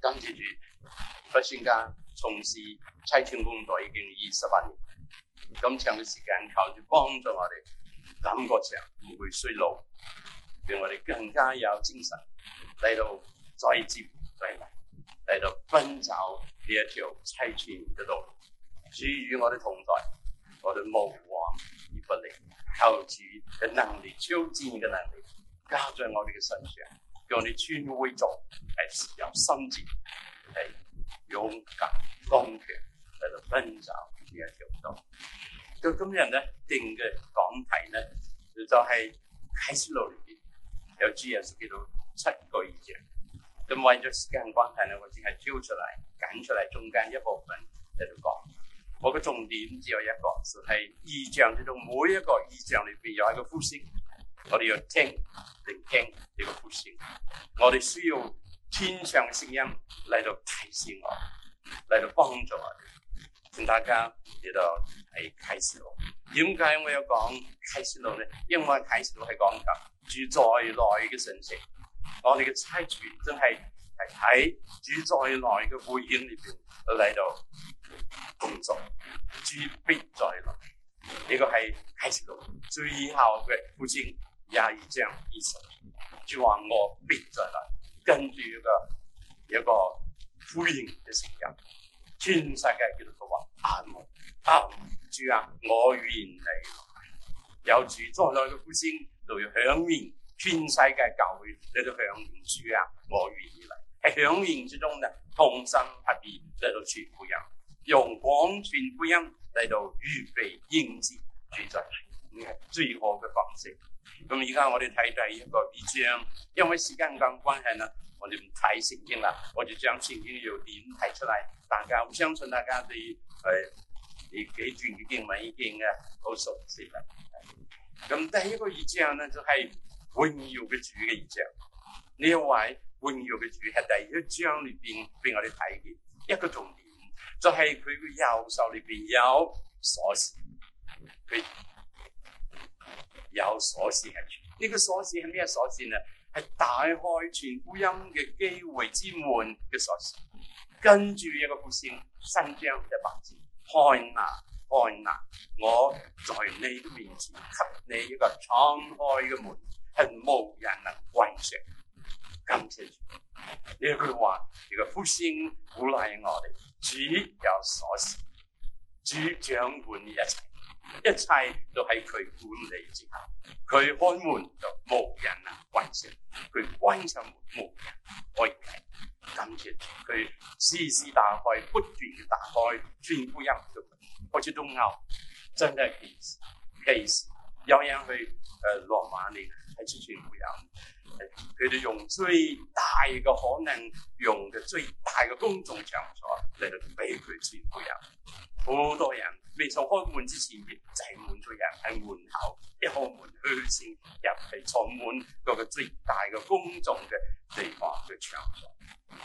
跟住住，屈先生從事差傳工作已經二十八年，咁長嘅時間靠住幫助我哋，感覺上唔會衰老，令我哋更加有精神嚟到再接再厲，嚟到奔走呢一條差傳嘅道路，主與我哋同在，我哋無往而不利。靠住嘅能力超自然嘅能力加在我哋嘅身上。用你專微做，係時有心志，係勇敢剛強喺度奔走，呢一條道。到今日咧定嘅講題咧就係喺啟示錄裏邊有注有涉及到七個異象，咁為咗時間關係咧，我淨係挑出嚟揀出嚟中間一部分喺度講。我嘅重點只有一個，就係異象之中每一個異象裏邊有一個呼聲。我哋要聽聆聽呢、這個故事，我哋需要天上嘅聲音嚟到提示我，嚟到幫助我哋。請大家嚟到喺啟示錄。點解我要講啟示錄咧？因為啟示錄係講緊主在內嘅信息。我哋嘅差傳真係係喺主在內嘅背景裏邊嚟到工作，主必在內。呢、這個係啟示錄最後嘅呼聲。廿二章二十，主話、啊、我必再來，跟住一個一個呼應嘅聲音，全世界叫做佢話阿無阿無主啊，我願你來，有主再來嘅呼聲就要響應，全世界教會你都響應，主啊，我願意嚟，響應之中呢，同心合意嚟到傳福音，用廣傳福音嚟到預備迎接主再來。係最好嘅方式。咁而家我哋睇第一個意象。因為時間咁關係啦，我哋唔睇聖經啦，我哋將聖經要點提出嚟，大家好相信，大家對係幾段嘅經文已經嘅好、啊、熟悉啦。咁、哎、第一個意象咧，就係榮耀嘅主嘅意象。呢位榮耀嘅主喺第一章裏邊俾我哋睇嘅一個重點，就係佢嘅右手裏邊有鎖匙。佢。鎖匙係呢、那個鎖匙係咩鎖匙呢？係打開全福音嘅機會之門嘅鎖匙。跟住一個呼聲，三章嘅八節，看啊看啊，我在你嘅面前，給你一個敞開嘅門，係無人能關上。感謝主呢句話，呢、這個呼聲鼓勵我哋，主有鎖匙，主掌管一切。一切都係佢管理之下，佢開門就冇人啊，關上佢關上門冇人，我哋今朝佢絲絲打開，不斷地打開，全部人都開始中鳶，真係幾時幾時，有啲人會誒落馬你。喺之前會有，佢哋、啊、用最大嘅可能，用嘅最大嘅公眾場所嚟到俾佢前會人好多人未坐開門之前門，亦擠滿咗人喺門口，一開、啊、門去先入嚟坐滿嗰個最大嘅公眾嘅地方嘅場所，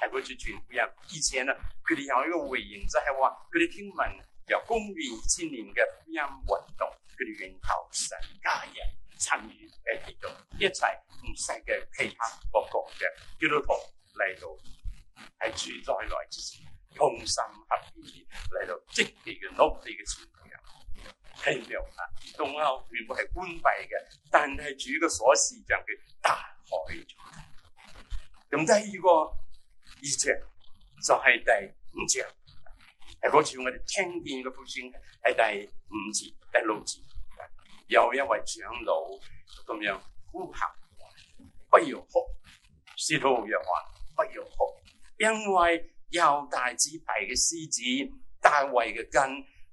係佢做全部人。而且呢，佢哋有一個回應，就係話佢哋聽聞由、啊、公元二千年嘅福音運動，佢哋尋求神家人。參與嚟協助一齊唔同嘅其他各國嘅基督徒嚟到喺主再來之前，同心合意嚟到積極嘅努力嘅傳揚，係咪啊？東歐全部係關閉嘅，但係主嘅鎖匙就佢打開咗。咁第二個異象就係、是、第五章，係嗰次我哋聽見嘅福音係第五節第六節。有一位長老咁樣呼喊，不要哭。使徒約翰，不要哭，因為有大支派嘅獅子大衛嘅根，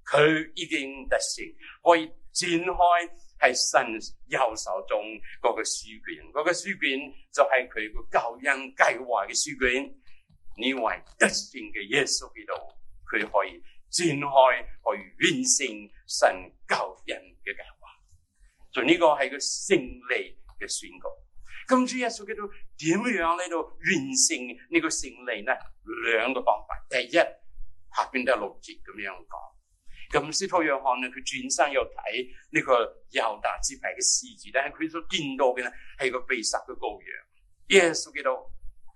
佢已經得勝，可以展開係神右手中嗰個書卷。嗰、那個書卷就係佢個救恩計劃嘅書卷。呢位得勝嘅耶穌基督，佢可以展開，可以完成神人救恩嘅。就呢個係個勝利嘅宣告。咁主耶穌基督點樣嚟度完成呢個勝利呢？兩個方法。第一，下面都係六節咁樣講。咁司徒約翰呢，佢轉身又睇呢個猶大支派嘅獅子，但係佢所見到嘅呢係個被殺嘅羔羊。耶穌基督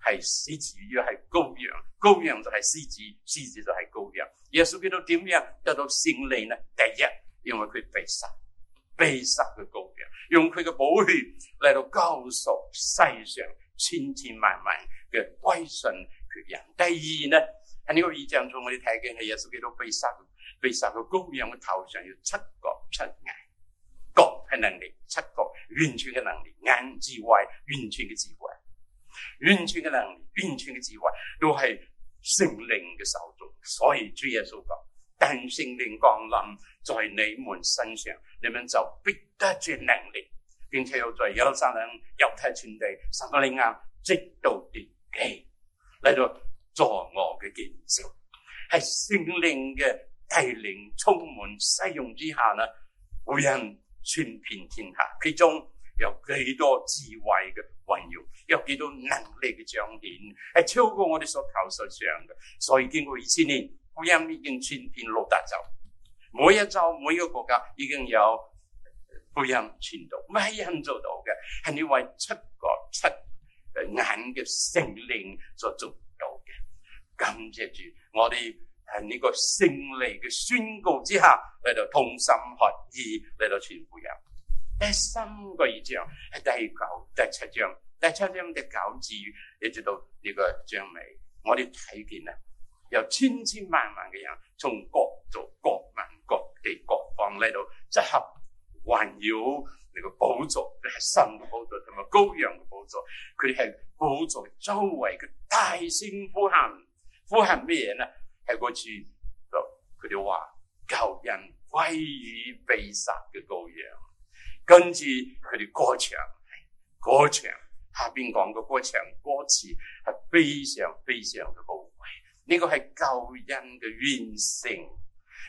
係獅子，又係羔羊，羔羊就係獅子，獅子就係羔羊。耶穌基督點樣得到勝利呢？第一，因為佢被殺。被殺嘅羔羊，用佢嘅寶血嚟到救贖世上千千萬萬嘅歸信嘅人。第二呢，喺呢個異象中，我哋睇見係耶穌基督被殺，被殺嘅羔羊嘅頭上有七角七眼，角係能力，七角完全嘅能力，眼，智慧完全嘅智慧，完全嘅能力，完全嘅智慧，都係聖靈嘅手作，所以主耶穌講。但聖靈降臨在你們身上，你們就必得着能力，並且又在耶路撒冷、猶太全地、撒馬利亞直到地極嚟到作我嘅見證，係聖靈嘅帶領充滿使用之下呢，福音傳遍天下，其中有幾多智慧嘅運用，有幾多能力嘅彰顯，係超過我哋所求所想嘅，所以經過二千年。福音已經傳遍六大洲，每一洲每一個國家已經有福音傳到，唔係人做到嘅，係你為七角七眼嘅聖靈所做到嘅。感謝主，我哋喺呢個勝利嘅宣告之下，嚟到同心合意嚟到傳福音。第三個異象係第九第七章，第七章嘅九至，一直到呢個章尾，我哋睇見咧。有千千萬萬嘅人，從各族、各民、各地、各方呢度集合環繞嚟，個寶座，係神嘅寶座同埋羔羊嘅寶座，佢哋係寶座周圍嘅大聲呼喊，呼喊咩嘢呢？係嗰次就佢哋話，救人歸於被殺嘅羔羊。跟住佢哋歌唱，歌唱下邊講嘅歌唱歌詞係非常非常嘅好。呢、那個係救恩嘅完成。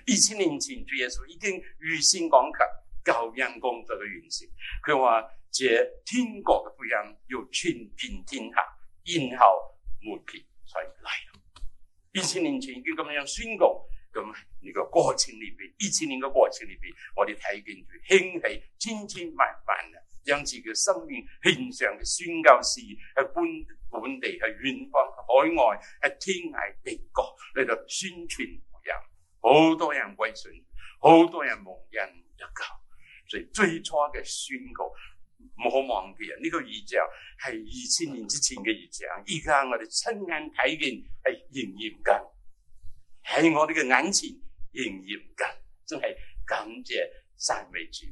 二千年前主耶穌已經預先講及救恩工作嘅完成。佢話，這天國嘅福音要傳遍天下，然後末期才嚟。二千年前已經咁樣宣告。咁呢個過程裏邊，二千年嘅過程裏邊，我哋睇見住興起千千萬萬將自己嘅生命獻上嘅宣教士，喺本本地，喺遠方、海外，喺天涯地角嚟到宣傳福音，好多人歸信，好多人蒙恩得救。所以最初嘅宣告唔好忘記啊！呢、這個是異象係二千年之前嘅異象，而家我哋親眼睇見係仍然唔緊，喺我哋嘅眼前仍然唔緊，真係感謝三位主。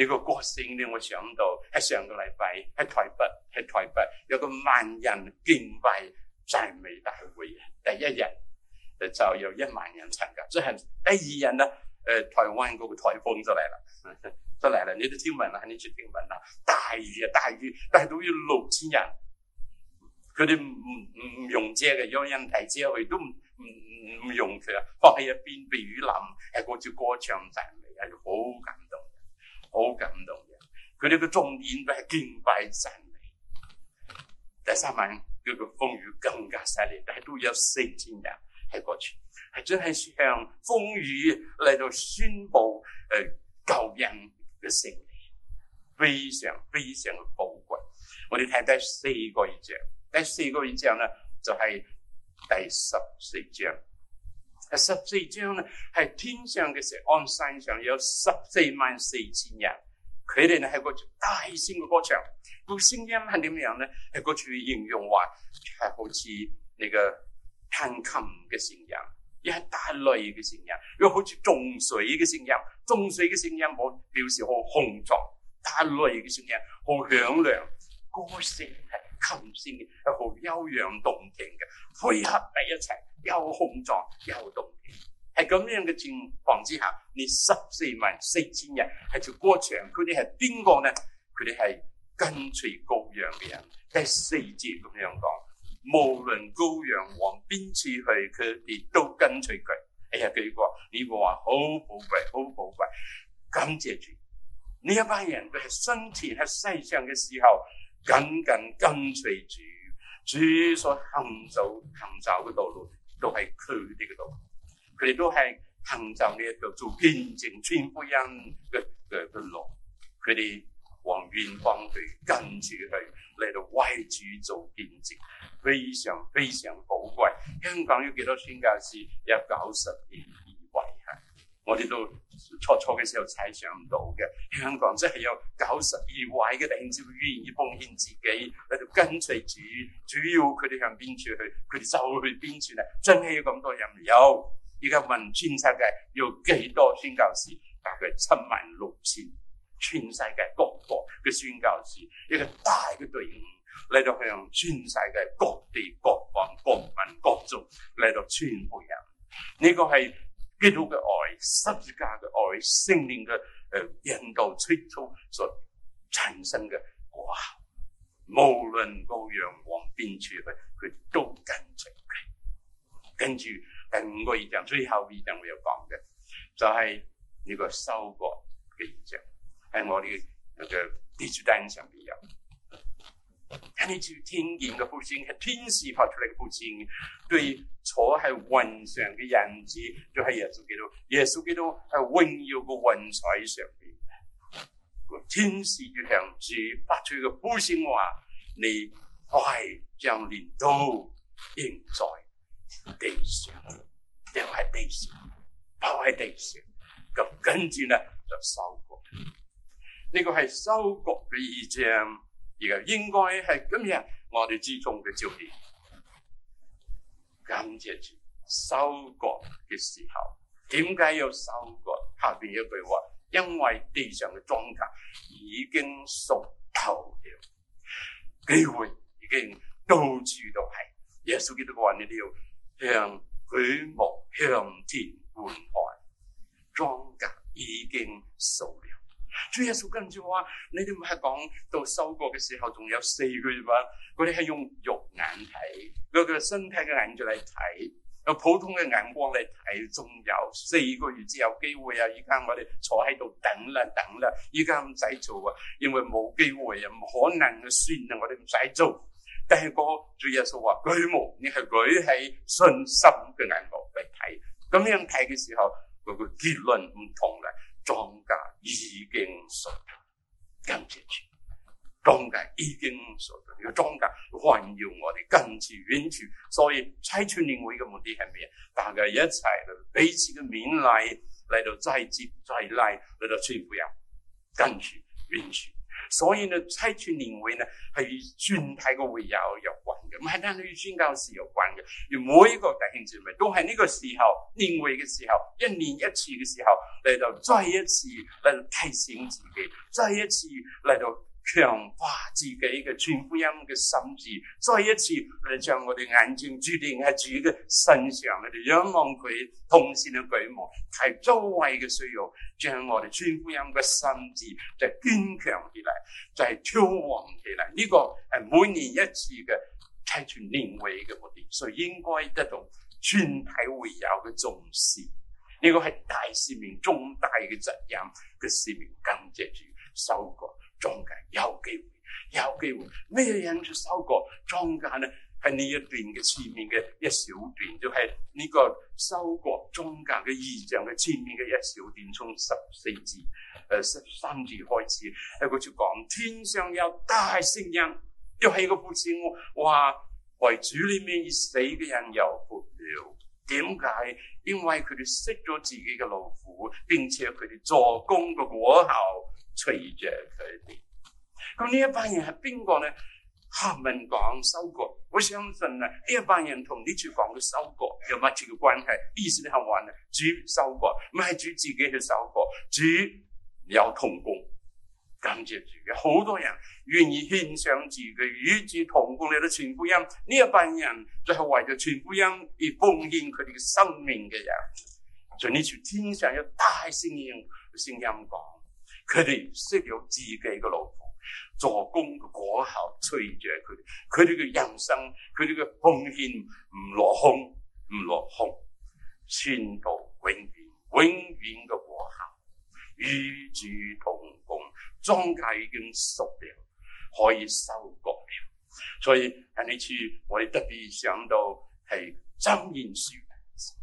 你個歌聲咧，我想到喺上個禮拜喺台北，喺台北有個萬人敬拜讚美大會啊！第一日就有一萬人參加，即係第二日啦，誒、呃、台灣嗰個台風就嚟啦，就嚟啦！你都聽聞啦，你都聽聞啦，大雨啊大雨、大雨，但係都要六千人，佢哋唔唔用遮嘅，有人帶遮去都唔唔唔用佢啊，放喺一邊被雨淋，係嗰條歌唱讚美係好好感動嘅，佢哋嘅重點都係敬拜讚美。第三晚，佢、這個風雨更加犀利，但係都有四千人喺嗰處，係真係向風雨嚟到宣布誒救人嘅勝利，非常非常嘅寶貴。我哋睇第四個異象，第四個異象咧就係、是、第十四章。十四章咧，係天上嘅錫安山上有十四萬四千人，佢哋咧係個大聲嘅歌唱，個聲音係點樣咧？係嗰處形容話係好似你嘅彈琴嘅聲音，一係打雷嘅聲音，又好似眾水嘅聲音。眾水嘅聲音我表示好雄壯，打雷嘅聲音好響亮，歌聲係琴聲，係好悠揚動聽嘅，配合喺一齊。又碰撞又動亂，喺咁樣嘅情況之下，你十四萬四千人係條過長，佢哋係邊個呢？佢哋係跟隨羔羊嘅人。第四節咁樣講，無論羔羊往邊處去，佢哋都跟隨佢。哎呀，幾個你話好寶貴，好寶貴，感謝主呢一班人，佢係生前喺世上嘅時候，緊緊跟隨住主，主所行走行走嘅道路。都係佢哋嗰度，佢哋都係行走呢一條做見證傳福音嘅嘅嘅路，佢哋往遠方佢跟住去嚟到為主做見證，非常非常寶貴。香港有幾多宣教士亦九十年。我哋都初初嘅時候猜想唔到嘅，香港真係有九十二位嘅領袖願意奉獻自己嚟到跟隨主，主要佢哋向邊處去，佢哋就去邊處啦。真係有咁多人有而家問全世界要幾多宣教士？大概七萬六千，全世界各國嘅宣教士，一個大嘅隊伍嚟到向全世界各地各國、各國、各民族嚟到宣傳。呢個係。基督嘅愛、十字架嘅愛、聖靈嘅誒引導、催促所產生嘅果效，無論到羊往邊處去，佢都跟隨。跟住第五個異象，最後異象我有講嘅，就係、是、呢個收割嘅異象喺我哋嘅地主單上邊有。你就天見個呼聲係天使發出來個呼聲，對坐喺雲上嘅人子，就係耶穌基督。耶穌基督係榮耀嘅雲彩上面，個 天使嘅人子發出嘅呼聲話：你快將鐮刀仍在地上，掉 喺地上，鋪喺地上，咁跟住呢，就收割。呢 個係收割嘅意象。而家，應該係今日我哋之中嘅焦點，感謝住收割嘅時候，點解要收割？下邊一句話，因為地上嘅莊稼已經熟透了，機會已經到處都係，耶穌基督話，你都要向舉目向天觀看，莊稼已經熟了。主耶穌跟住話，你哋唔係講到收割嘅時候，仲有四個月吧？佢哋係用肉眼睇，嗰個身體嘅眼嚟睇，用普通嘅眼光嚟睇，仲有四個月之後機會啊！而家我哋坐喺度等啦，等啦，而家唔使做啊，因為冇機會啊，唔可能嘅，算啦，我哋唔使做。但係個主耶穌話，舉目，你係舉起信心嘅眼光嚟睇，咁樣睇嘅時候，嗰個結論唔同啦。莊家已經熟咗，跟住住。莊家已經熟咗，呢個莊家還要我哋跟住遠處，所以拆村聯會嘅目的係咩？大家一齊嚟彼此嘅勉勵，嚟到再接再厲，嚟到摧毀啊，跟住遠處。所以呢，差傳年會呢係與全體嘅會友有關嘅，唔係單單與宣教士有關嘅。每一個弟兄姊妹都係呢個時候年會嘅時候，一年一次嘅時候嚟到再一次嚟到提醒自己，再一次嚟到。強化自己嘅傳福音嘅心智，再一次嚟將我哋眼睛注定喺主嘅身上，嚟仰望佢通先嘅舉目，係周圍嘅需要，將我哋傳福音嘅心智就堅強起來，就挑旺起來。呢個係每年一次嘅差傳年會嘅目的，所以應該得到全體會友嘅重視。呢個係大市民重大嘅責任，嘅市民跟住首受莊稼有機會，有機會咩人去收割莊稼呢？係呢一段嘅前面嘅一小段，就係、是、呢個收割莊稼嘅異象嘅前面嘅一小段，從十四字、呃、十三字開始。一、呃、就講天上有大聲音，又係個父親話，為主裏面死嘅人有福了。點解？因為佢哋息咗自己嘅勞苦，並且佢哋作工嘅果效。隨着佢哋，咁呢一班人係邊個呢？下文講收割，我相信啊，呢一班人同呢處講嘅收割有密切嘅關係。意思係話呢，主收割唔係主自己嘅收割，主有同工，感謝自己，好多人願意獻上自己與主同工嚟到傳福音。呢一班人就係為咗傳福音而奉獻佢哋嘅生命嘅人。就呢處天上有大聲音，聲音講。佢哋息咗自己嘅勞苦，作工嘅果效隨著佢哋。佢哋嘅人生，佢哋嘅奉獻唔落空，唔落空，存到永遠永遠嘅果效與主同共。莊稼已經熟了，可以收割了。所以喺呢處，我哋特別想到係《箴言書》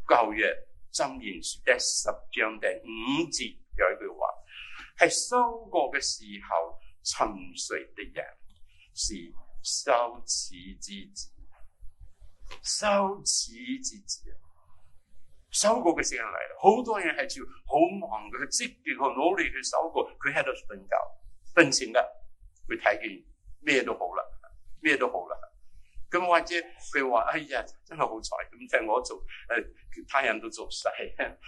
舊約《箴言書》第十章第五節有一句。係收割嘅時候，沉睡的人是羞恥之子，羞恥之子收割嘅時候嚟啦，好多人係照好忙嘅，積極去努力去收割，佢喺度瞓覺，瞓醒啦，佢睇見咩都好啦，咩都好啦。咁或者佢話：哎呀，真係好彩，咁即係我做，誒、呃，其他人都做晒。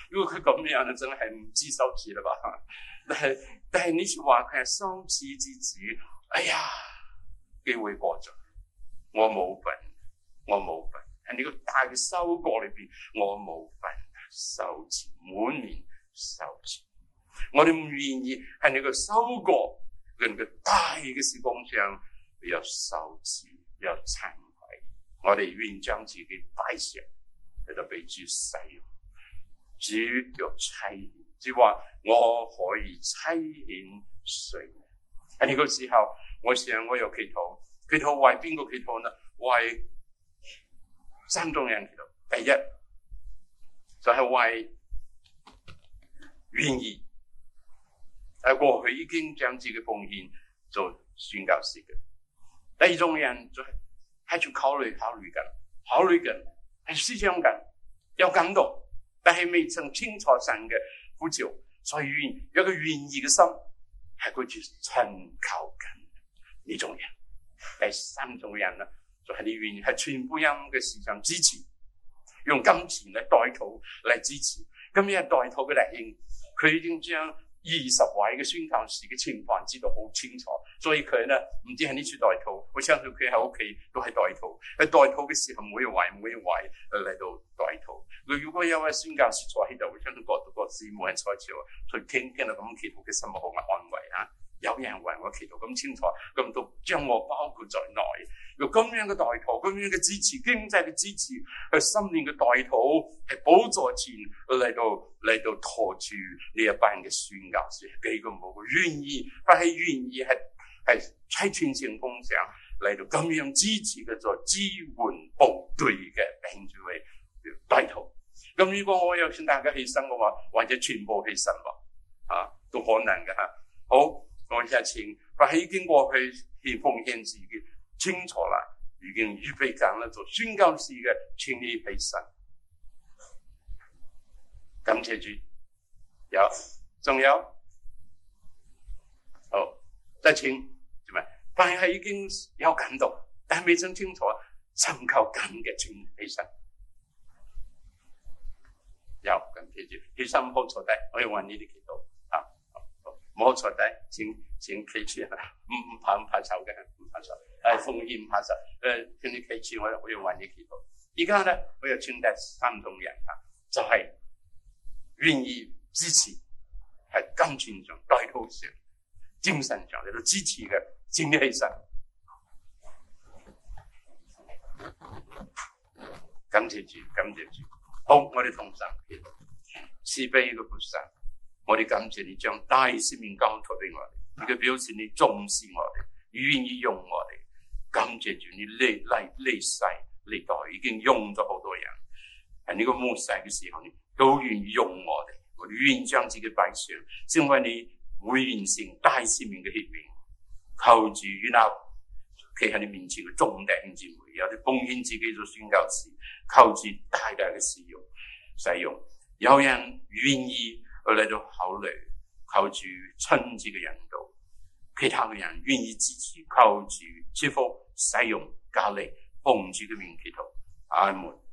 如果佢咁樣，真係唔知羞恥啦吧？但係但係，你話佢係羞恥之子，哎呀，機會過咗，我冇份，我冇份。喺你個大嘅收割裏邊，我冇份羞恥，滿面羞恥，我哋唔願意喺你個收割，令個大嘅時光上又羞恥又沉。我哋願將自己擺上，喺度被主使用，主若差遣，即只話我可以差遣誰。喺呢個時候，我成日我有祈禱，祈禱為邊個祈禱呢？為三種人祈禱。第一就係、是、為願意喺過去已經將自己奉獻做宣教士嘅。第二種人就係、是。喺度考慮考慮緊，考慮緊，係思想緊，有感動，但係未曾清楚神嘅呼召，所以願有一個願意嘅心，係佢住尋求緊呢種人。第三種人啦，就係、是、你願意喺全福音嘅事上支持，用金錢嚟代禱嚟支持。今日代禱嘅弟兄，佢已經將二十位嘅宣教士嘅情況知道好清楚。所以佢咧唔知係呢處代禱，我相信佢喺屋企都係代禱。喺代禱嘅時候，每一位每一位嚟、呃、到代禱。如果有位宣教士坐喺度，我相信各度各事冇人操持，佢聽聽到咁祈禱嘅心，好有安慰吓、啊。有人為我祈禱咁清楚，咁都將我包括在內。有咁樣嘅代禱，咁樣嘅支持，經濟嘅支持，去心念嘅代禱，係幫助錢嚟到嚟到拖住呢一班嘅宣教士。幾好冇願意，但係願意係前線工上嚟到咁樣支持嘅，做支援部隊嘅兵駐隊帶頭。咁如果我要請大家起身嘅話，或者全部起身咯，啊，都可能嘅吓。好，我而家發起經過去獻奉獻自己，清楚啦，已經預備講啦，做宣教士嘅全力起身。感謝主，有仲有？重要一千，係但係已經有感動，但係未曾清楚，尋求緊嘅清起身，有緊記住，起身唔好坐低，我要問呢啲祈禱啊，好唔好？唔好坐低，請請企住，唔怕唔怕醜嘅，唔怕醜，係奉獻唔怕醜。誒，叫、呃、你企住我我要問你祈禱。而家咧，我又請低三種人啊，就係、是、願意支持，係金錢上、代禱上。精神上喺度支持嘅，真係神感謝主，感謝主。好，我哋同心祈禱，慈悲嘅父神，我哋感謝你將大使命交託俾我哋，你嘅表示你重視我哋，你願意用我哋。感謝主你歷嚟，歷世、歷代已經用咗好多人，喺、這、呢個末世嘅時候，你都願意用我哋，我願將自己擺上，因為你。會完成大使命嘅協定，求主然後企喺你面前嘅中等姊妹，有啲奉獻自己做宣教士，求主大大嘅使用使用。有人願意去嚟到考慮，求主親自嘅引導，其他嘅人願意支持求主，舒服使用隔離封住嘅名祈禱阿門。